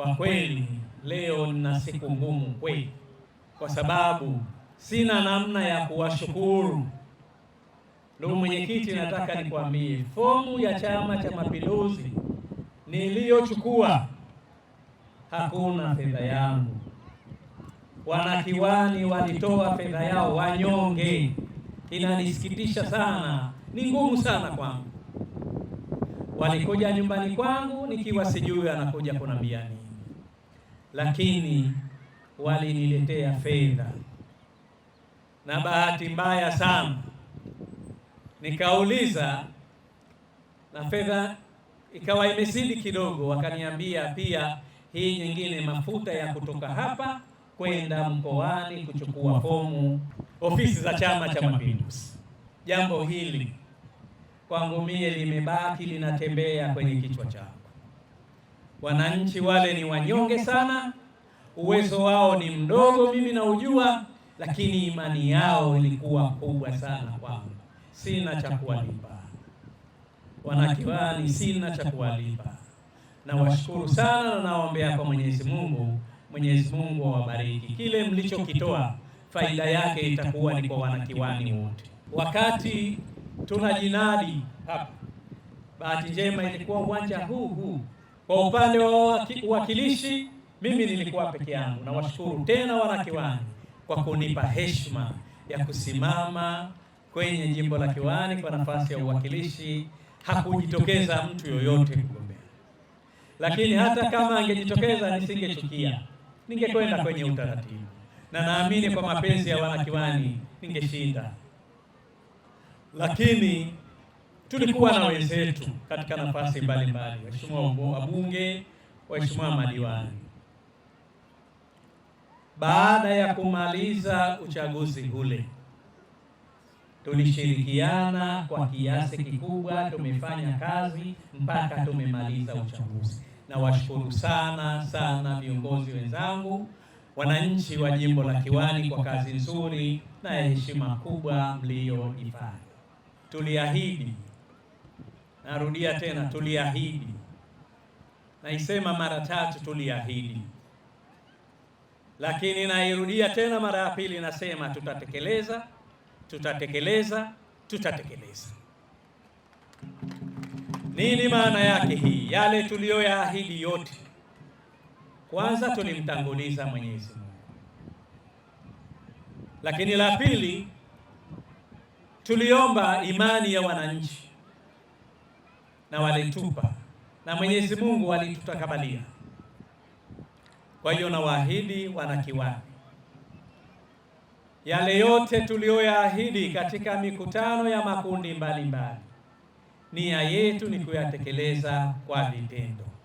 Kwa kweli leo nina siku ngumu kweli, kwa sababu sina namna ya kuwashukuru. Ndugu mwenyekiti, nataka nikwambie fomu ya Chama cha Mapinduzi niliyochukua hakuna fedha yangu. Wanakiwani walitoa fedha yao wanyonge. Inanisikitisha sana, ni ngumu sana kwangu. Walikuja nyumbani kwangu nikiwa sijui anakuja kunambia nini lakini waliniletea fedha, na bahati mbaya sana nikauliza na fedha ikawa imezidi kidogo, wakaniambia pia hii nyingine mafuta ya kutoka hapa kwenda mkoani kuchukua fomu ofisi za Chama cha Mapinduzi. Jambo hili kwangu mie limebaki linatembea kwenye kichwa changu. Wananchi wale ni wanyonge sana, uwezo wao ni mdogo, mimi naujua, lakini imani yao ilikuwa kubwa sana kwangu. Sina cha kuwalipa wanakiwani, sina cha kuwalipa. Nawashukuru sana na nawaombea kwa Mwenyezi Mungu, Mwenyezi Mungu awabariki. Kile mlichokitoa faida yake itakuwa ni kwa wanakiwani wote. Wakati tunajinadi hapa, bahati njema ilikuwa uwanja huu huu kwa upande wa uwakilishi, mimi nilikuwa peke yangu. Nawashukuru tena wanakiwani kwa kunipa heshima ya kusimama kwenye jimbo la Kiwani kwa nafasi ya uwakilishi. Hakujitokeza mtu yoyote kugombea, lakini hata kama angejitokeza nisingechukia, ningekwenda kwenye utaratibu, na naamini kwa mapenzi ya wanakiwani ningeshinda, lakini tulikuwa na wenzetu katika nafasi mbalimbali, waheshimiwa wabunge, waheshimiwa madiwani. Baada ya kumaliza uchaguzi ule, tulishirikiana kwa kiasi kikubwa, tumefanya kazi mpaka tumemaliza uchaguzi. Nawashukuru sana sana viongozi wenzangu, wananchi wa jimbo la Kiwani kwa kazi nzuri na heshima kubwa mliyoifanya. Tuliahidi Narudia tena, tuliahidi, naisema mara tatu, tuliahidi, lakini nairudia tena mara ya pili, nasema tutatekeleza, tutatekeleza, tutatekeleza. Nini maana yake hii? Yale tuliyoyaahidi yote, kwanza tulimtanguliza Mwenyezi Mungu, lakini la pili tuliomba imani ya wananchi na walitupa, na Mwenyezi Mungu alitutakabalia. Kwa hiyo nawaahidi wanakiwani, yale yote tuliyoyaahidi katika mikutano ya makundi mbalimbali, nia yetu ni kuyatekeleza kwa vitendo.